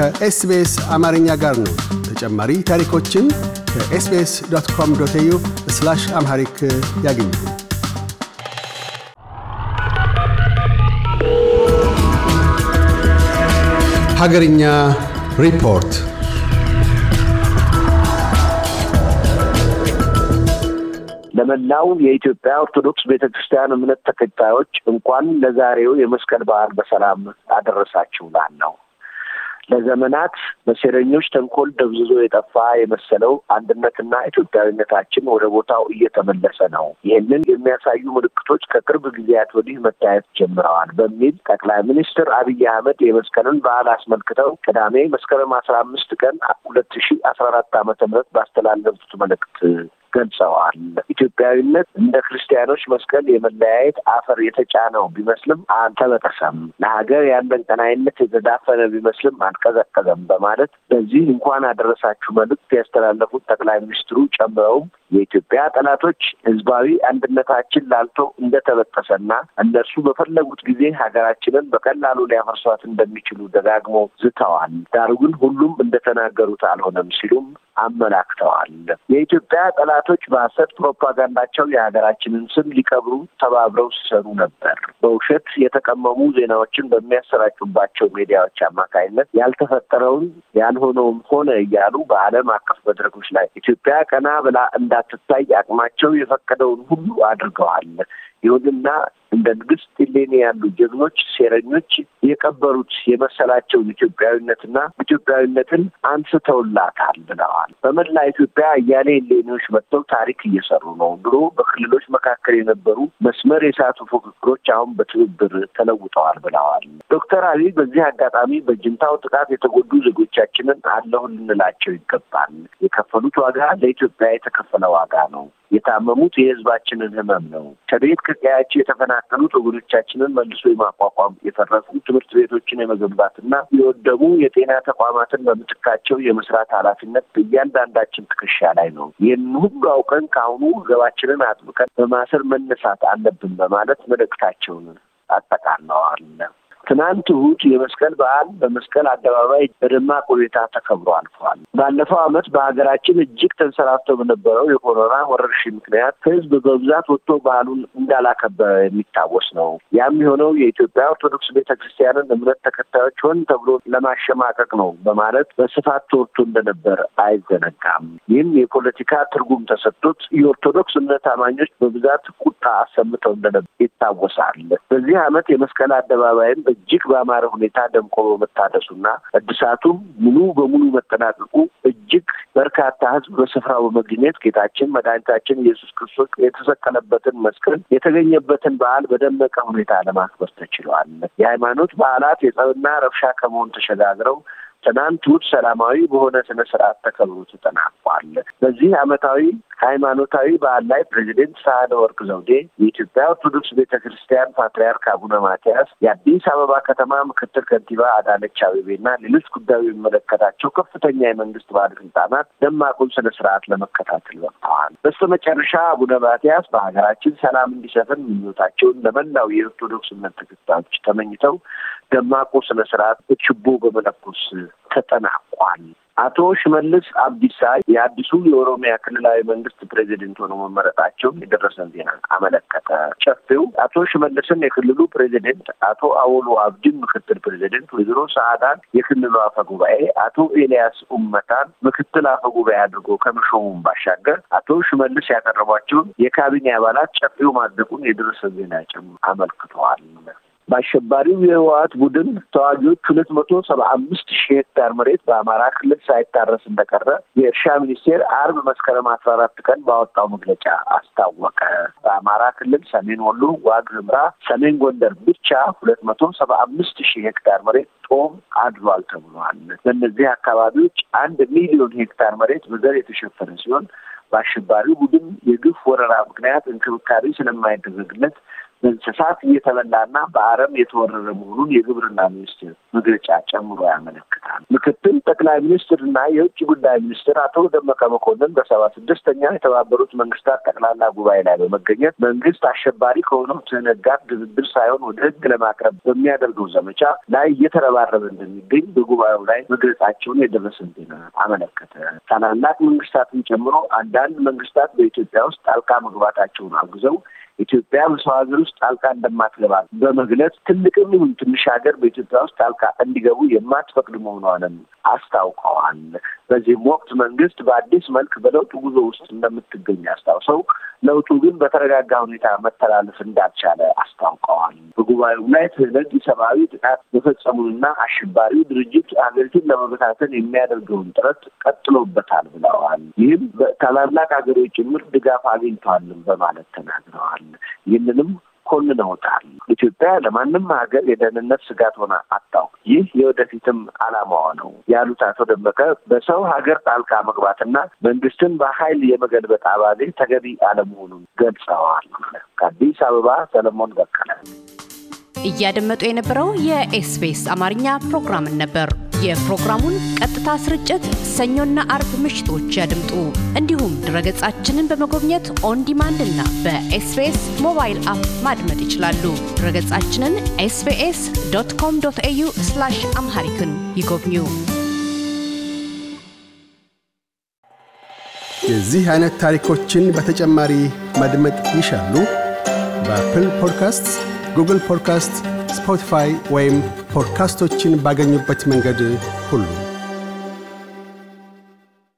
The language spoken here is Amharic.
ከኤስቤስ አማርኛ ጋር ነው። ተጨማሪ ታሪኮችን ከኤስቤስ ዶት ኮም ዶት ዩ አምሃሪክ ያገኙ። ሀገርኛ ሪፖርት ለመላው የኢትዮጵያ ኦርቶዶክስ ቤተ ክርስቲያን እምነት ተከታዮች እንኳን ለዛሬው የመስቀል በዓል በሰላም አደረሳችሁ ላል ነው። ለዘመናት በሴረኞች ተንኮል ደብዝዞ የጠፋ የመሰለው አንድነትና ኢትዮጵያዊነታችን ወደ ቦታው እየተመለሰ ነው። ይህንን የሚያሳዩ ምልክቶች ከቅርብ ጊዜያት ወዲህ መታየት ጀምረዋል በሚል ጠቅላይ ሚኒስትር አብይ አህመድ የመስቀልን በዓል አስመልክተው ቅዳሜ መስከረም አስራ አምስት ቀን ሁለት ሺ አስራ አራት ዓመተ ምህረት ባስተላለፉት መልእክት ገልጸዋል። ኢትዮጵያዊነት እንደ ክርስቲያኖች መስቀል የመለያየት አፈር የተጫነው ቢመስልም አልተበጠሰም፣ ለሀገር ያለን ቀናይነት የተዳፈነ ቢመስልም አልቀዘቀዘም በማለት በዚህ እንኳን አደረሳችሁ መልእክት ያስተላለፉት ጠቅላይ ሚኒስትሩ ጨምረውም የኢትዮጵያ ጠላቶች ህዝባዊ አንድነታችን ላልቶ እንደተበጠሰና እነርሱ በፈለጉት ጊዜ ሀገራችንን በቀላሉ ሊያፈርሷት እንደሚችሉ ደጋግሞ ዝተዋል። ዳሩ ግን ሁሉም እንደተናገሩት አልሆነም ሲሉም አመላክተዋል። የኢትዮጵያ ጠላቶች በሐሰት ፕሮፓጋንዳቸው የሀገራችንን ስም ሊቀብሩ ተባብረው ሲሰሩ ነበር። በውሸት የተቀመሙ ዜናዎችን በሚያሰራጩባቸው ሚዲያዎች አማካኝነት ያልተፈጠረውን ያልሆነውም ሆነ እያሉ በዓለም አቀፍ መድረኮች ላይ ኢትዮጵያ ቀና ብላ እንዳትታይ አቅማቸው የፈቀደውን ሁሉ አድርገዋል። ይሁንና እንደ ንግስት እሌኒ ያሉ ጀግኖች ሴረኞች የቀበሩት የመሰላቸውን ኢትዮጵያዊነትና ኢትዮጵያዊነትን አንስተውላታል ብለዋል። በመላ ኢትዮጵያ እያሌ ሌኒዎች መጥተው ታሪክ እየሰሩ ነው ብሎ በክልሎች መካከል የነበሩ መስመር የሳቱ ፉክክሮች አሁን በትብብር ተለውጠዋል ብለዋል። ዶክተር አብይ በዚህ አጋጣሚ በጅንታው ጥቃት የተጎዱ ዜጎቻችንን አለሁ ልንላቸው ይገባል። የከፈሉት ዋጋ ለኢትዮጵያ የተከፈለ ዋጋ ነው። የታመሙት የህዝባችንን ህመም ነው። ከቤት ከቀያቸው የተፈናቀሉት ወገኖቻችንን መልሶ የማቋቋም የፈረሱ ትምህርት ቤቶችን የመገንባትና የወደሙ የጤና ተቋማትን በምትካቸው የመስራት ኃላፊነት በእያንዳንዳችን ትከሻ ላይ ነው። ይህን ሁሉ አውቀን ከአሁኑ ገባችንን አጥብቀን በማሰር መነሳት አለብን በማለት መልእክታቸውን አጠቃለዋል። ትናንት እሁድ የመስቀል በዓል በመስቀል አደባባይ በደማቅ ሁኔታ ተከብሮ አልፏል። ባለፈው ዓመት በሀገራችን እጅግ ተንሰራፍቶ በነበረው የኮሮና ወረርሽኝ ምክንያት ህዝብ በብዛት ወጥቶ ባህሉን እንዳላከበረ የሚታወስ ነው። ያም የሆነው የኢትዮጵያ ኦርቶዶክስ ቤተክርስቲያንን እምነት ተከታዮች ሆን ተብሎ ለማሸማቀቅ ነው በማለት በስፋት ተወርቶ እንደነበር አይዘነጋም። ይህም የፖለቲካ ትርጉም ተሰጥቶት የኦርቶዶክስ እምነት አማኞች በብዛት ቁጣ አሰምተው እንደነበር ይታወሳል። በዚህ ዓመት የመስቀል አደባባይም እጅግ በአማረ ሁኔታ ደምቆ በመታደሱና እድሳቱም ሙሉ በሙሉ መጠናቀቁ እጅግ በርካታ ህዝብ በስፍራው በመገኘት ጌታችን መድኃኒታችን ኢየሱስ ክርስቶስ የተሰቀለበትን መስቀል የተገኘበትን በዓል በደመቀ ሁኔታ ለማክበር ተችሏል። የሃይማኖት በዓላት የጸብና ረብሻ ከመሆን ተሸጋግረው ትናንት ውድ ሰላማዊ በሆነ ስነ ስርዓት ተከብሮ ተጠናቋል። በዚህ ዓመታዊ ሃይማኖታዊ በዓል ላይ ፕሬዚደንት ሳህለ ወርቅ ዘውዴ፣ የኢትዮጵያ ኦርቶዶክስ ቤተ ክርስቲያን ፓትርያርክ አቡነ ማትያስ፣ የአዲስ አበባ ከተማ ምክትል ከንቲባ አዳነች እና ሌሎች ጉዳዩ የሚመለከታቸው ከፍተኛ የመንግስት ባለስልጣናት ደማቁን ስነ ስርዓት ለመከታተል በቅተዋል። በስተ መጨረሻ አቡነ ማትያስ በሀገራችን ሰላም እንዲሰፍን ምኞታቸውን ለመላው የኦርቶዶክስ እምነት ተከታዮች ተመኝተው ደማቁ ስነ ስርዓት ችቦ በመለኮስ ተጠናቋል። አቶ ሽመልስ አብዲሳ የአዲሱ የኦሮሚያ ክልላዊ መንግስት ፕሬዚደንት ሆኖ መመረጣቸው የደረሰን ዜና አመለከተ። ጨፌው አቶ ሽመልስን የክልሉ ፕሬዚደንት፣ አቶ አወሎ አብዲን ምክትል ፕሬዚደንት፣ ወይዘሮ ሰዓዳን የክልሉ አፈ ጉባኤ፣ አቶ ኤልያስ ኡመታን ምክትል አፈ ጉባኤ አድርጎ ከመሾሙም ባሻገር አቶ ሽመልስ ያቀረቧቸውን የካቢኔ አባላት ጨፌው ማድረጉን የደረሰን ዜና ጭም አመልክተዋል። በአሸባሪው የህወሀት ቡድን ተዋጊዎች ሁለት መቶ ሰባ አምስት ሺህ ሄክታር መሬት በአማራ ክልል ሳይታረስ እንደቀረ የእርሻ ሚኒስቴር አርብ መስከረም አስራ አራት ቀን ባወጣው መግለጫ አስታወቀ። በአማራ ክልል ሰሜን ወሎ፣ ዋግ ህምራ፣ ሰሜን ጎንደር ብቻ ሁለት መቶ ሰባ አምስት ሺህ ሄክታር መሬት ጦም አድሏል ተብሏል። በእነዚህ አካባቢዎች አንድ ሚሊዮን ሄክታር መሬት በዘር የተሸፈነ ሲሆን በአሸባሪው ቡድን የግፍ ወረራ ምክንያት እንክብካቤ ስለማይደረግለት እንስሳት እየተበላና በአረም የተወረረ መሆኑን የግብርና ሚኒስቴር መግለጫ ጨምሮ ያመለክታል። ምክትል ጠቅላይ ሚኒስትርና የውጭ ጉዳይ ሚኒስትር አቶ ደመቀ መኮንን በሰባ ስድስተኛ የተባበሩት መንግስታት ጠቅላላ ጉባኤ ላይ በመገኘት መንግስት አሸባሪ ከሆነው ትህነት ጋር ድርድር ሳይሆን ወደ ህግ ለማቅረብ በሚያደርገው ዘመቻ ላይ እየተረባረበ እንደሚገኝ በጉባኤው ላይ መግለጻቸውን የደረሰን ዜና አመለከተ። ታላላቅ መንግስታትን ጨምሮ አንዳንድ መንግስታት በኢትዮጵያ ውስጥ ጣልቃ መግባታቸውን አውግዘው ኢትዮጵያ በሰው ሀገር ውስጥ ጣልቃ እንደማትገባ በመግለጽ ትልቅም ይሁን ትንሽ ሀገር በኢትዮጵያ ውስጥ ጣልቃ እንዲገቡ የማትፈቅድ መሆኗንም አስታውቀዋል። በዚህም ወቅት መንግስት በአዲስ መልክ በለውጡ ጉዞ ውስጥ እንደምትገኝ አስታውሰው ለውጡ ግን በተረጋጋ ሁኔታ መተላለፍ እንዳልቻለ አስታውቀዋል። በጉባኤው ላይ ትህነግ ሰብአዊ ጥቃት መፈጸሙንና አሸባሪው ድርጅት ሀገሪቱን ለመበታተን የሚያደርገውን ጥረት ቀጥሎበታል ብለዋል። ይህም ታላላቅ ሀገሮች ጭምር ድጋፍ አግኝቷልም በማለት ተናግረዋል። ይህንንም ኮንነውታል። ኢትዮጵያ ለማንም ሀገር የደህንነት ስጋት ሆና አጣው ይህ የወደፊትም አላማዋ ነው ያሉት አቶ ደመቀ በሰው ሀገር ጣልቃ መግባትና መንግስትን በኃይል የመገልበጥ አባዜ ተገቢ አለመሆኑን ገልጸዋል። ከአዲስ አበባ ሰለሞን በቀለ። እያደመጡ የነበረው የኤስቢኤስ አማርኛ ፕሮግራምን ነበር። የፕሮግራሙን ቀጥታ ስርጭት ሰኞና አርብ ምሽቶች ያድምጡ። እንዲሁም ድረገጻችንን በመጎብኘት ኦን ዲማንድ እና በኤስቢኤስ ሞባይል አፕ ማድመጥ ይችላሉ። ድረገጻችንን ኤስቢኤስ ዶት ኮም ዶት ኤዩ አምሃሪክን ይጎብኙ። የዚህ አይነት ታሪኮችን በተጨማሪ ማድመጥ ይሻሉ? በአፕል ፖድካስት፣ ጉግል ፖድካስት፣ ስፖቲፋይ ወይም ፖድካስቶችን ባገኙበት መንገድ ሁሉ